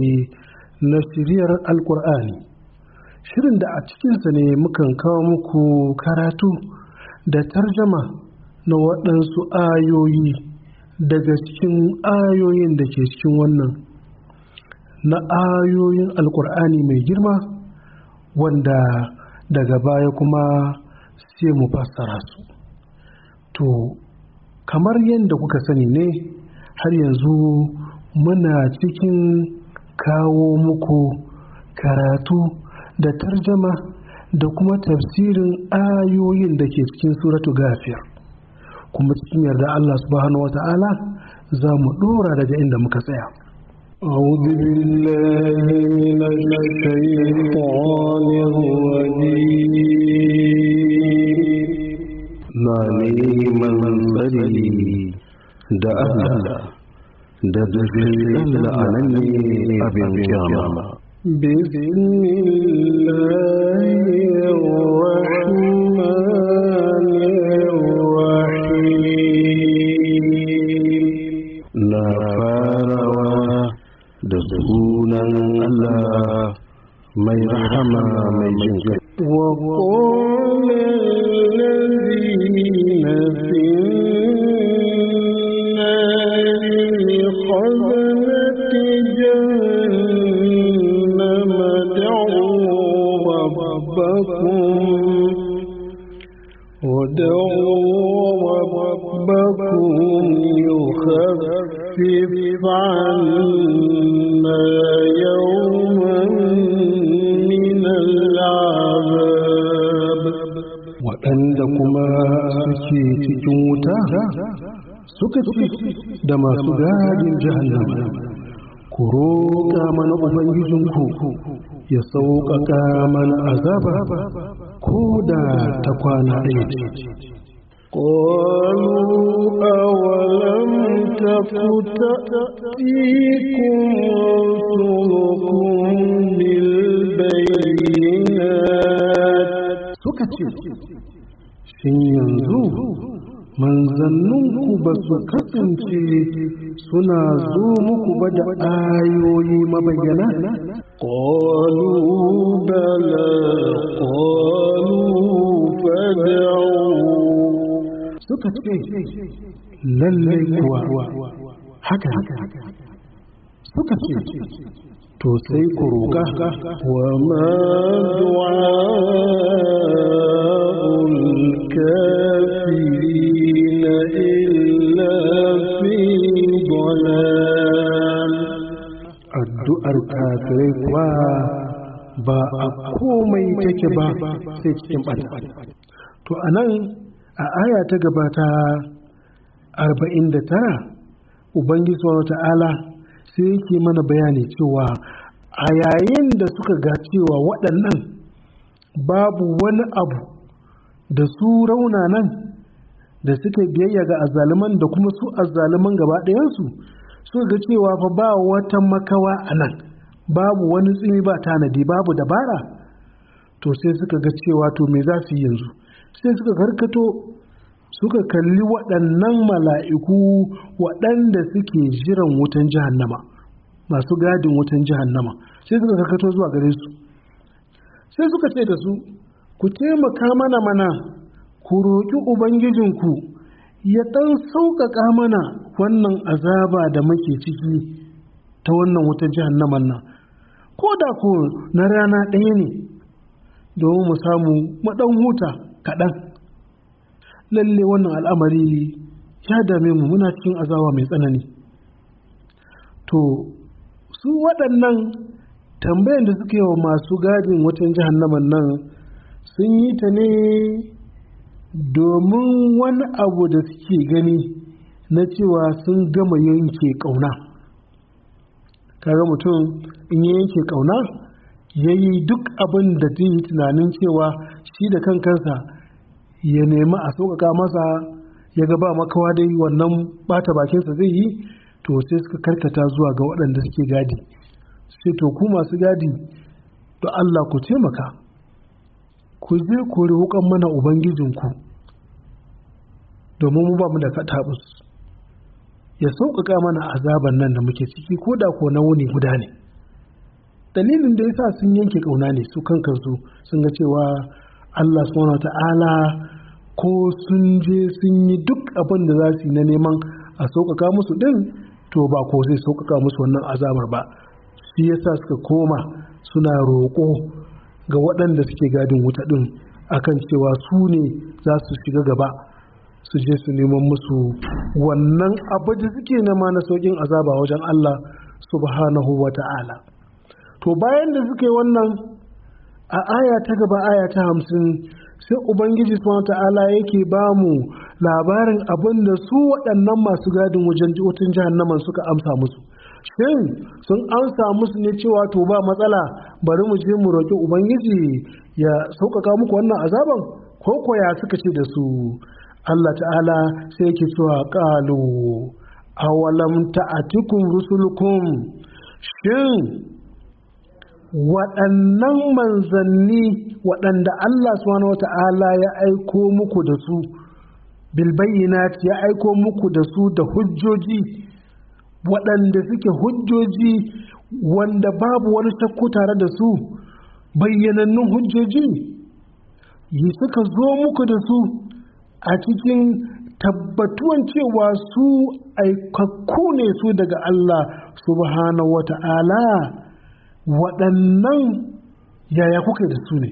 K: na shiriyar alkur'ani shirin da a cikinsa ne mukan kawo muku karatu da tarjama na waɗansu ayoyi daga cikin ayoyin da ke cikin wannan na ayoyin alkur'ani mai girma wanda daga baya kuma sai mu fassara su to kamar yadda kuka sani ne har yanzu muna cikin kawo muku karatu da tarjama da kuma tafsirin ayoyin da ke cikin suratu gafiyar, kuma cikin yarda Allah subhanahu wa ta'ala za mu ɗora daga inda muka tsaya أعوذ
L: بالله من الشيطان الرجيم
K: na neman tsari da Allah بسم الله الرحمن
L: الرحيم لا فاروا دسونا
A: الله ما يرحم من يجنك
L: وقل ادعوا ربكم يخفف عنا يوما من العذاب
K: وأندكما سكيت توتا suka ci da masu gadin jahannama ku roƙa mana ubangijinku ya sauƙaƙa mana azaba ko da ta kwana ɗaya ce قالوا
L: أولم تك تأتيكم رسلكم بالبينات
K: سكتي شن ينزو manzanninku ba su kasance suna zo muku ba da ayoyi mabayyana? Ƙwalu bala suka ce lallai kuwa haka suka ce to sai ku roƙa wa ma
F: du'a'ul kafirin illa fi
K: dalal addu'ar kafirai kuwa ba a komai take ba sai cikin ɓata to a nan a aya ta gabata 49 ubangiji wa ta'ala sai yake mana bayani cewa a yayin da suka ga cewa waɗannan babu wani abu da su rauna nan da suka biyayya ga azzaluman da kuma su azzaluman gaba ɗayansu suka ga cewa fa ba wata makawa a nan babu wani tsimi ba tanadi babu dabara to sai suka ga cewa to me za su yi yanzu sai suka karkato suka kalli waɗannan mala'iku waɗanda suke jiran wutan jahannama masu gadin wutan jahannama sai suka karkato zuwa gare su sai suka ce da su ku taimaka mana mana ku roƙi ubangijinku ya ɗan sauƙaƙa mana wannan azaba da muke ciki ta wannan wutan jihannaman nan ko da ku na rana ɗaya ne domin mu samu maɗan huta kaɗan lalle wannan al'amari ya dame mu muna cikin azawa mai tsanani to su waɗannan tambayan da suke wa masu gadin watan jahannaman nan sun yi ta ne domin wani abu da suke gani na cewa sun gama yanke ƙauna kaga mutum in ya yanke ƙauna ya yi duk abin da zai yi tunanin cewa shi da kankansa ya nemi a sauƙaƙa masa ya ga ba makawa dai wannan bata bakinsa zai yi to sai suka karkata zuwa ga waɗanda suke gadi sai to ku masu gadi to Allah ku taimaka ku je ku roƙon mana ubangijinku domin mu ba mu da katabus ya sauƙaƙa mana azaban nan da muke ciki ko da ko na wuni guda ne dalilin da yasa sun yanke ƙauna ne su kan kansu sun ga cewa Allah subhanahu ta'ala ko sun je sun yi duk abin da za su yi na neman a sauƙaƙa musu ɗin to ba ko zai sauƙaƙa musu wannan azabar ba shi yasa suka koma suna roƙo ga waɗanda suke gadin wuta ɗin akan cewa su ne za su shiga gaba su je su neman musu wannan abu da suke nema na sauƙin azaba wajen Allah subhanahu wa ta'ala to bayan da suke wannan a aya ta gaba aya ta hamsin sai ubangiji subhanahu ta'ala yake ba mu labarin abin da su waɗannan masu gadin wajen wutan naman suka amsa musu shin sun amsa musu ne cewa to ba matsala bari mu je mu roƙi ubangiji ya sauƙaƙa muku wannan azaban ko ya suka ce da su Allah ta'ala sai yake cewa a awalam a rusulukum shin waɗannan manzanni waɗanda Allah subhanahu wa ta'ala ya aiko muku da su bilbayyinat ya aiko muku da su da hujjoji waɗanda suke hujjoji wanda babu wani shakku tare da su bayyanannun hujjoji yi suka zo muku da su a cikin tabbatuwan cewa su aikakku ne su daga Allah subhanahu wa ta'ala waɗannan yaya kuka da su ne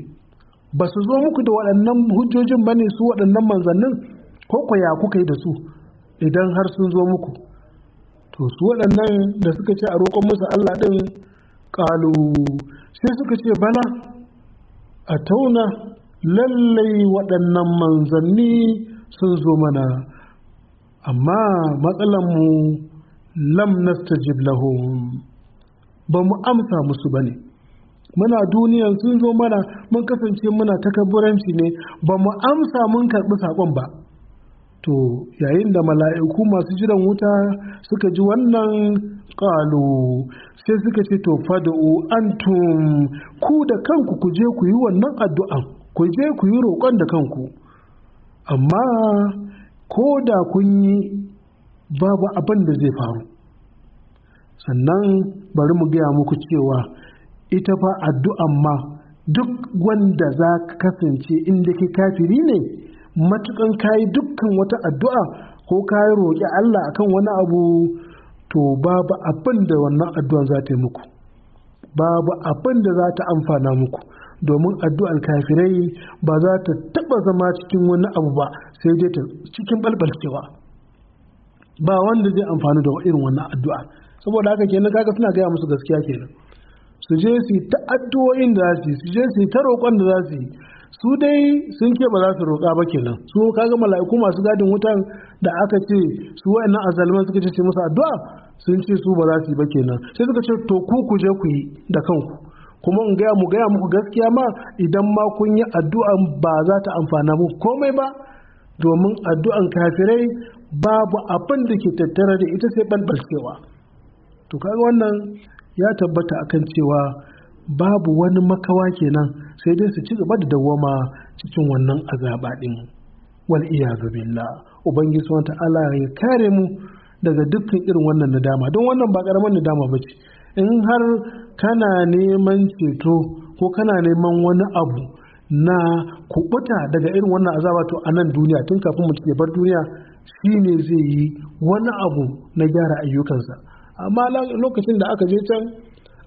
K: ba su zo muku da waɗannan hujjojin ba ne su waɗannan manzannin ko ku ya kuka da su idan har sun zo muku to su waɗannan da suka ce a roƙon musu Allah ɗin ƙalu sai suka ce bala a tauna lallai waɗannan manzanni sun zo mana amma matsalanmu lam nastajib lahum ba mu amsa musu ba ne muna duniyan sun zo mana mun kasance muna takabburanci ne ba mu amsa mun karɓi sakon ba to yayin da mala'iku masu jiran wuta suka ji wannan ƙalu sai suka ce to fada'u antum ku da kanku ku je ku yi wannan addu'an ku je ku yi roƙon da kanku amma ko da kun yi babu abin da zai faru sannan bari mu gaya muku cewa ita fa addu'an ma duk wanda za ka kasance inda ke kafiri ne matukan kayi dukkan wata addu'a ko kayi roƙi Allah akan wani abu to babu abin da wannan addu'an za ta yi muku babu abin da za ta amfana muku domin addu'ar kafirai ba za ta taba zama cikin wani abu ba sai dai ta cikin balbalcewa ba wanda zai amfani da irin wannan addu'a saboda haka kenan kaga suna gaya musu gaskiya kenan su je su ta addu'o'in da za su yi su je su ta roƙon da za su yi su dai sun ke ba za su roƙa ba kenan su kaga mala'iku masu gadin wutan da aka ce su wa'annan azalman suka ce ce musu addu'a sun ce su ba za su yi ba kenan sai suka ce to ku ku je ku yi da kanku kuma in gaya mu gaya muku gaskiya ma idan ma kun yi addu'a ba za ta amfana mu komai ba domin addu'an kafirai babu abin da ke tattara da ita sai balbalcewa to kaga wannan ya tabbata akan cewa babu wani makawa kenan sai dai su ci gaba da dawoma cikin wannan azaba din wal iyazu billah ubangiji subhanahu ta'ala ya kare mu daga dukkan irin wannan nadama don wannan ba karaman nadama ba ce in har kana neman ceto ko kana neman wani abu na kubuta daga irin wannan azaba to a nan duniya tun kafin mu ya bar duniya shine zai yi wani abu na gyara ayyukansa amma lokacin da aka je can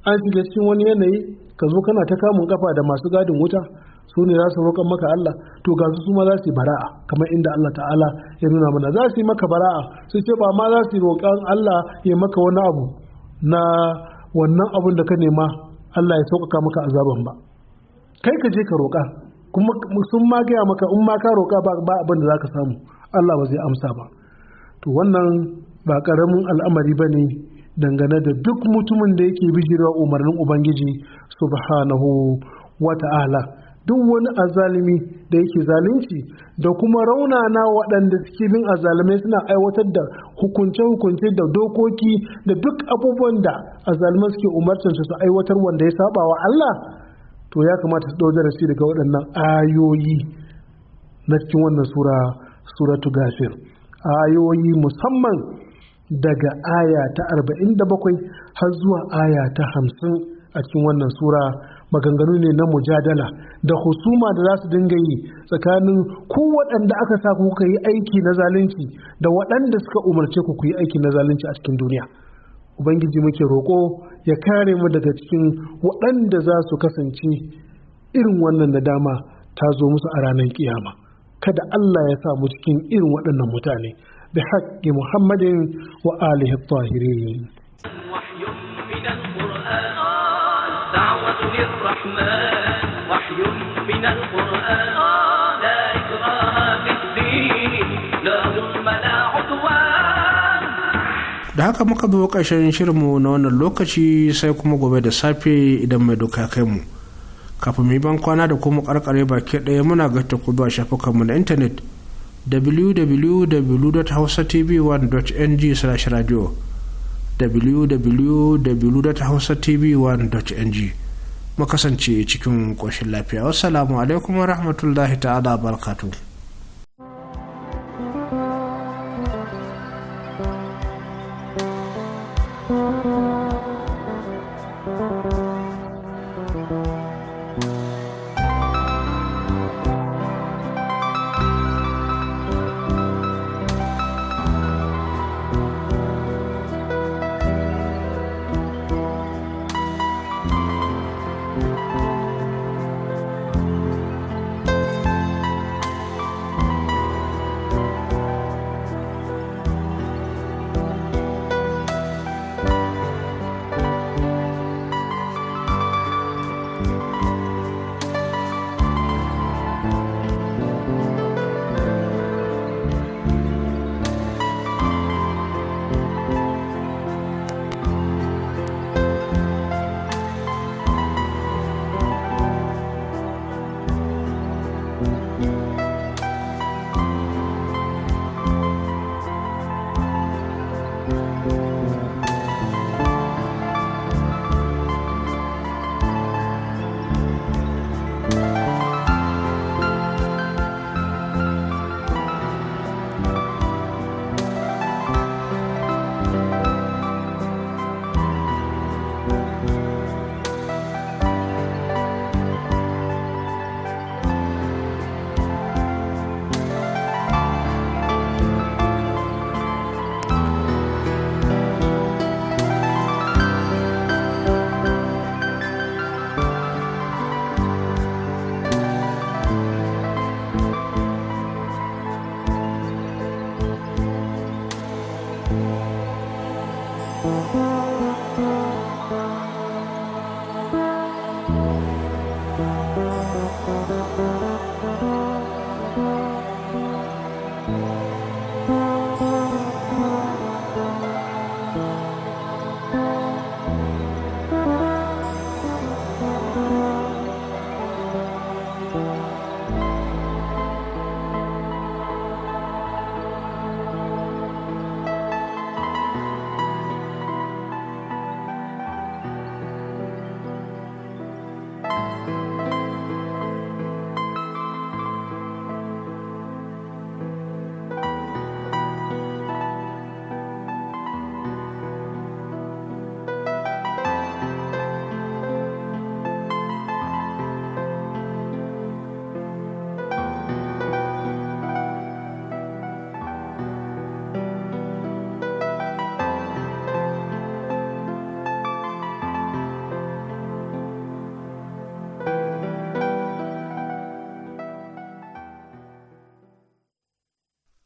K: an shiga cikin wani yanayi ka zo kana ta kamun kafa da masu gadin wuta su ne za su roƙon maka Allah to ga su ma za su bara'a kamar inda Allah ta'ala ya nuna mana za su yi maka bara'a su ce ba ma za su roƙon Allah ya maka wani abu na wannan abun da ka nema Allah ya sauƙaƙa maka azaban ba kai ka je ka roƙa kuma sun ma gaya maka in ma ka roƙa ba abin da za ka samu Allah ba zai amsa ba to wannan ba ƙaramin al'amari ba ne dangane da duk mutumin da yake bijirwa umarnin ubangiji subhanahu wa ta'ala duk wani azalimi da yake zalunci da kuma raunana waɗanda suke bin azalimai suna aiwatar da hukunce-hukunce da dokoki da duk abubuwan da azalimai suke umarcinsu su aiwatar wanda ya saba wa Allah to ya kamata su ɗau darasi daga waɗannan ayoyi na cikin wannan sura suratu gafir ayoyi musamman daga aya ta arba'in da bakwai har zuwa aya ta hamsin a cikin wannan sura maganganu ne na mujadala da husuma da za su dinga yi tsakanin ku waɗanda aka sa kuka yi aiki na zalunci da waɗanda suka umarce ku ku yi aiki na zalunci a cikin duniya ubangiji muke roƙo ya kare mu daga cikin waɗanda za su kasance irin wannan nadama ta zo musu a ranar kiyama kada Allah ya sa mu cikin irin waɗannan mutane بحق محمد وآله الطاهرين وحي
E: من القرآن دعوة للرحمن وحي من القرآن لا إكراه في الدين لا ظلم لا
F: عدوان
A: da haka muka bi ƙarshen shirinmu na wannan lokaci sai kuma gobe da safe idan mai doka kai mu kafin mu ban kwana da kuma karkare baki ɗaya muna ga ku zuwa shafukanmu na intanet www.hausatv1.ng/radio www.hausatv1.ng mu kasance cikin ƙoshin lafiya wassalamu alaikum wa rahmatullahi ta'ala barkatu